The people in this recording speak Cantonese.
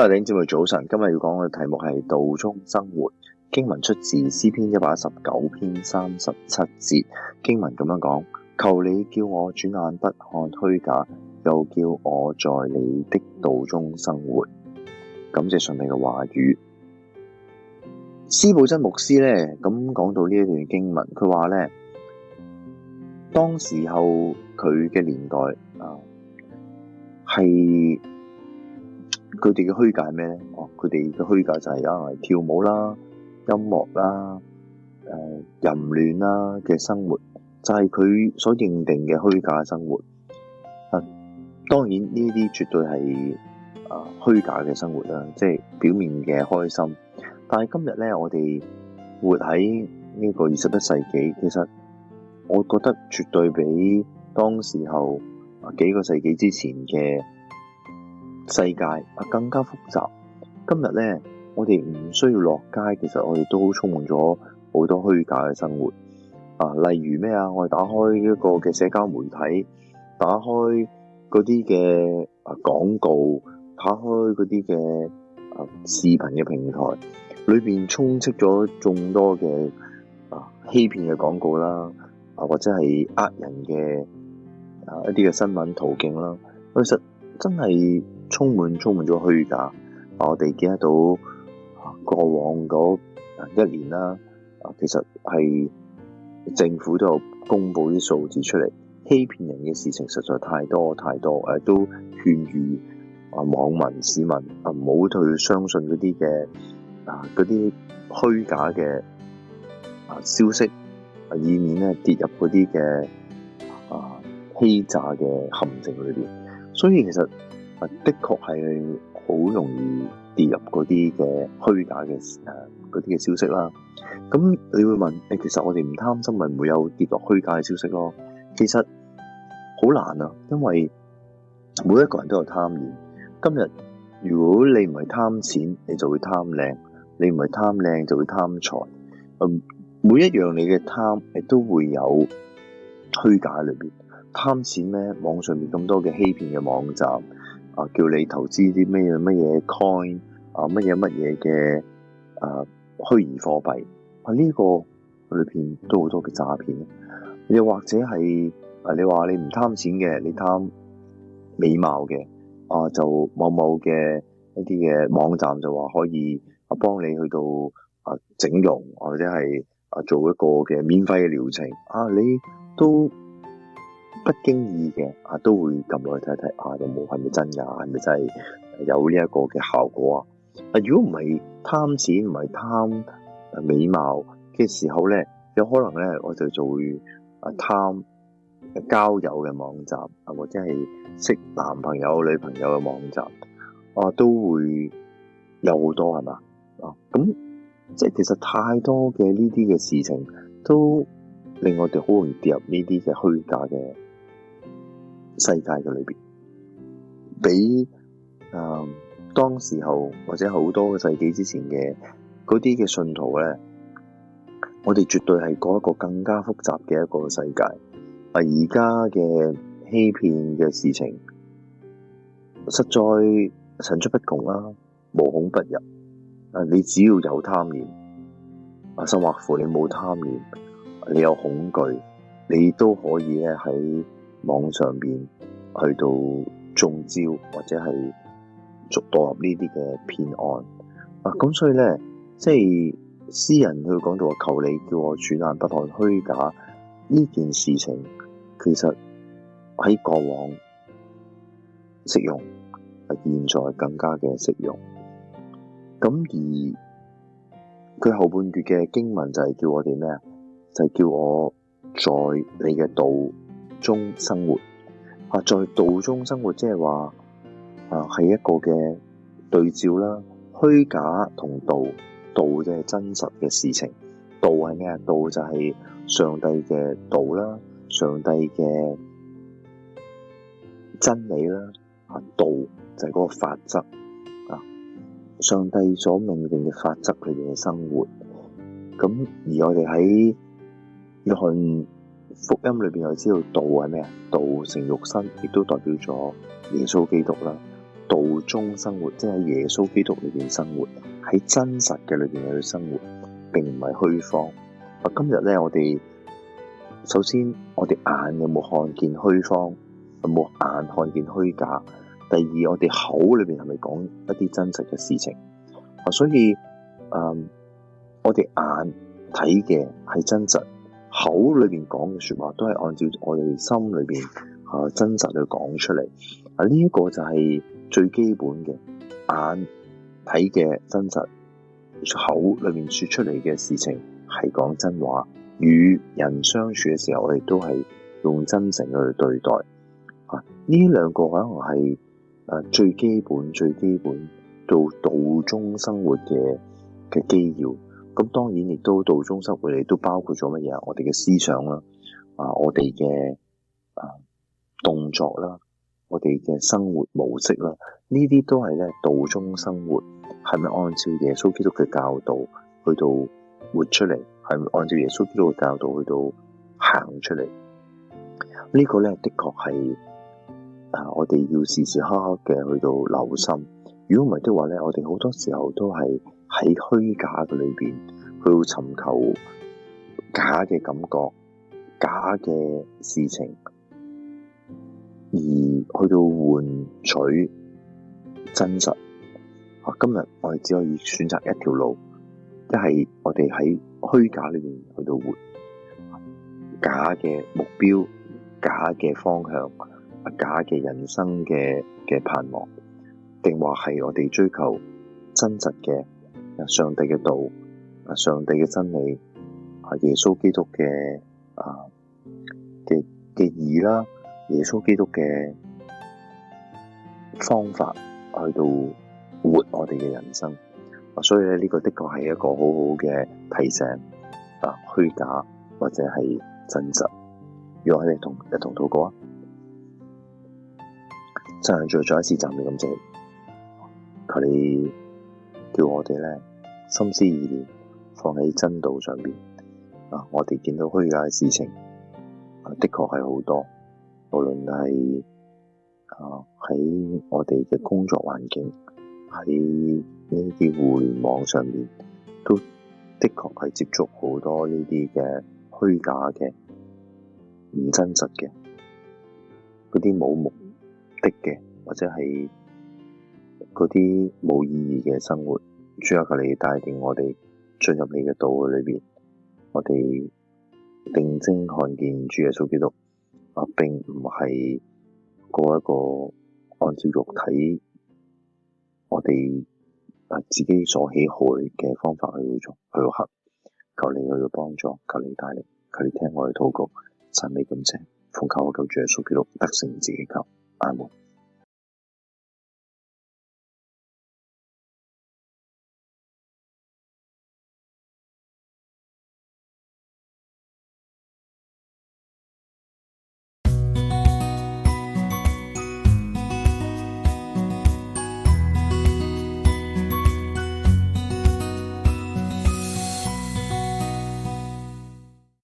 各位弟兄姊妹早晨，今日要講嘅題目係道中生活。經文出自詩篇一百一十九篇三十七節，經文咁樣講：求你叫我轉眼不看虛假，又叫我在你的道中生活。感謝上帝嘅話語。斯布真牧師呢，咁講到呢一段經文，佢話呢：「當時候佢嘅年代啊係。是佢哋嘅虛假係咩咧？哦，佢哋嘅虛假就係可能跳舞啦、音樂啦、誒淫亂啦嘅生活，就係、是、佢所認定嘅虛假生活。當然呢啲絕對係誒虛假嘅生活啦，即、就、係、是、表面嘅開心。但係今日咧，我哋活喺呢個二十一世紀，其實我覺得絕對比當時候幾個世紀之前嘅。世界啊更加複雜。今日咧，我哋唔需要落街，其實我哋都充滿咗好多虛假嘅生活啊。例如咩啊，我哋打開一個嘅社交媒體，打開嗰啲嘅啊廣告，打開嗰啲嘅啊視頻嘅平台，裏面充斥咗眾多嘅啊欺騙嘅廣告啦，啊或者係呃人嘅啊一啲嘅新聞途徑啦。其、啊、實真係。充滿充滿咗虛假，我哋記得到過往嗰一年啦，啊，其實係政府都有公布啲數字出嚟，欺騙人嘅事情實在太多太多，呃、都勸喻啊網民市民啊唔好去相信嗰啲嘅啊嗰啲虛假嘅啊消息，以免咧跌入嗰啲嘅啊欺詐嘅陷阱裏面。所以其實。的確係好容易跌入嗰啲嘅虛假嘅誒，嗰啲嘅消息啦。咁你會問，誒，其實我哋唔貪心，咪唔會有跌落虛假嘅消息咯？其實好難啊，因為每一個人都有貪念。今日如果你唔係貪錢，你就會貪靚；你唔係貪靚，就會貪財。嗯，每一樣你嘅貪，亦都會有虛假喺裏邊。貪錢咧，網上面咁多嘅欺騙嘅網站。啊！叫你投資啲咩嘢咩嘢 coin 啊，乜嘢乜嘢嘅誒虛擬貨幣啊，呢個裏邊都好多嘅詐騙，又或者係、啊、你話你唔貪錢嘅，你貪美貌嘅啊，就某某嘅一啲嘅網站就話可以啊幫你去到啊整容或者係啊做一個嘅免費嘅療程啊，你都～不經意嘅啊，都會撳落去睇一睇啊，你有冇係咪真噶？係咪真係有呢一個嘅效果啊？啊，如果唔係貪錢，唔係貪美貌嘅時候咧，有可能咧，我就做會啊貪交友嘅網站啊，或者係識男朋友、女朋友嘅網站啊，都會有好多係嘛啊？咁即係其實太多嘅呢啲嘅事情都。令我哋好容易跌入呢啲嘅虛假嘅世界嘅裏邊，比啊，當時候或者好多個世紀之前嘅嗰啲嘅信徒咧，我哋絕對係過一個更加複雜嘅一個世界。而家嘅欺騙嘅事情，實在層出不窮啦，無孔不入。但你只要有貪念，啊，甚或乎你冇貪念。你有恐懼，你都可以咧喺網上面去到中招，或者係觸入呢啲嘅騙案啊！咁所以咧，即係詩人佢講到話求你叫我轉眼不看虛假呢件事情，其實喺過往適用，現在更加嘅適用。咁而佢後半段嘅經文就係叫我哋咩啊？就叫我在你嘅道中生活啊，在道中生活是說，即係話啊，係一個嘅對照啦，虛假同道，道即係真實嘅事情。道係咩啊？道就係上帝嘅道啦，上帝嘅真理啦啊，道就係嗰個法則啊，上帝所命令嘅法則裏邊嘅生活。咁而我哋喺你去福音裏邊，我知道道係咩啊？道成肉身，亦都代表咗耶穌基督啦。道中生活，即係喺耶穌基督裏邊生活，喺真實嘅裏邊去生活，並唔係虛方。今日咧，我哋首先我哋眼有冇看見虛方，有冇眼看見虛假。第二，我哋口裏邊係咪講一啲真實嘅事情啊？所以，誒、嗯，我哋眼睇嘅係真實。口裏面講嘅說話都係按照我哋心裏邊、啊、真實去講出嚟，啊，呢一個就係最基本嘅眼睇嘅真實，口裏面說出嚟嘅事情係講真話。與人相處嘅時候，我哋都係用真誠去對待。啊，呢兩個可能係誒、啊、最基本、最基本到道中生活嘅嘅基要。咁當然亦都道中生活你都包括咗乜嘢？我哋嘅思想啦，啊，我哋嘅啊動作啦，我哋嘅生活模式啦，呢啲都係咧道中生活，係咪按照耶穌基督嘅教導去到活出嚟？係咪按照耶穌基督嘅教導去到行出嚟？呢個咧，的確係啊，我哋要時時刻刻嘅去到留心。如果唔係的話咧，我哋好多時候都係。喺虛假嘅裏邊，去到尋求假嘅感覺、假嘅事情，而去到換取真實。今日我哋只可以選擇一條路，一係我哋喺虛假裏面去到活假嘅目標、假嘅方向、假嘅人生嘅嘅盼望，定話係我哋追求真實嘅。上帝嘅道，上帝嘅真理，係耶穌基督嘅啊嘅嘅義啦，耶穌基督嘅、啊、方法去到活我哋嘅人生，所以咧呢、這個的確係一個好好嘅提醒啊，虛假或者係真實，要我你同你同禱告啊，真係再再一次讚美咁即係求你叫我哋咧。心思意念放喺真道上邊啊！我哋見到虛假嘅事情，的確係好多。無論係啊喺我哋嘅工作環境，喺呢啲互聯網上面，都的確係接觸好多呢啲嘅虛假嘅、唔真實嘅，嗰啲冇目的嘅，或者係嗰啲冇意義嘅生活。主啊，求你帶領我哋進入你嘅道裏邊，我哋定睛看見主耶穌基督，並唔係嗰一個按照肉體我哋自己所喜愛嘅方法去去做去，求你去幫助，求你帶領，求你聽我哋禱告，神未感謝，奉求我救主耶穌基督得勝自己救。阿門。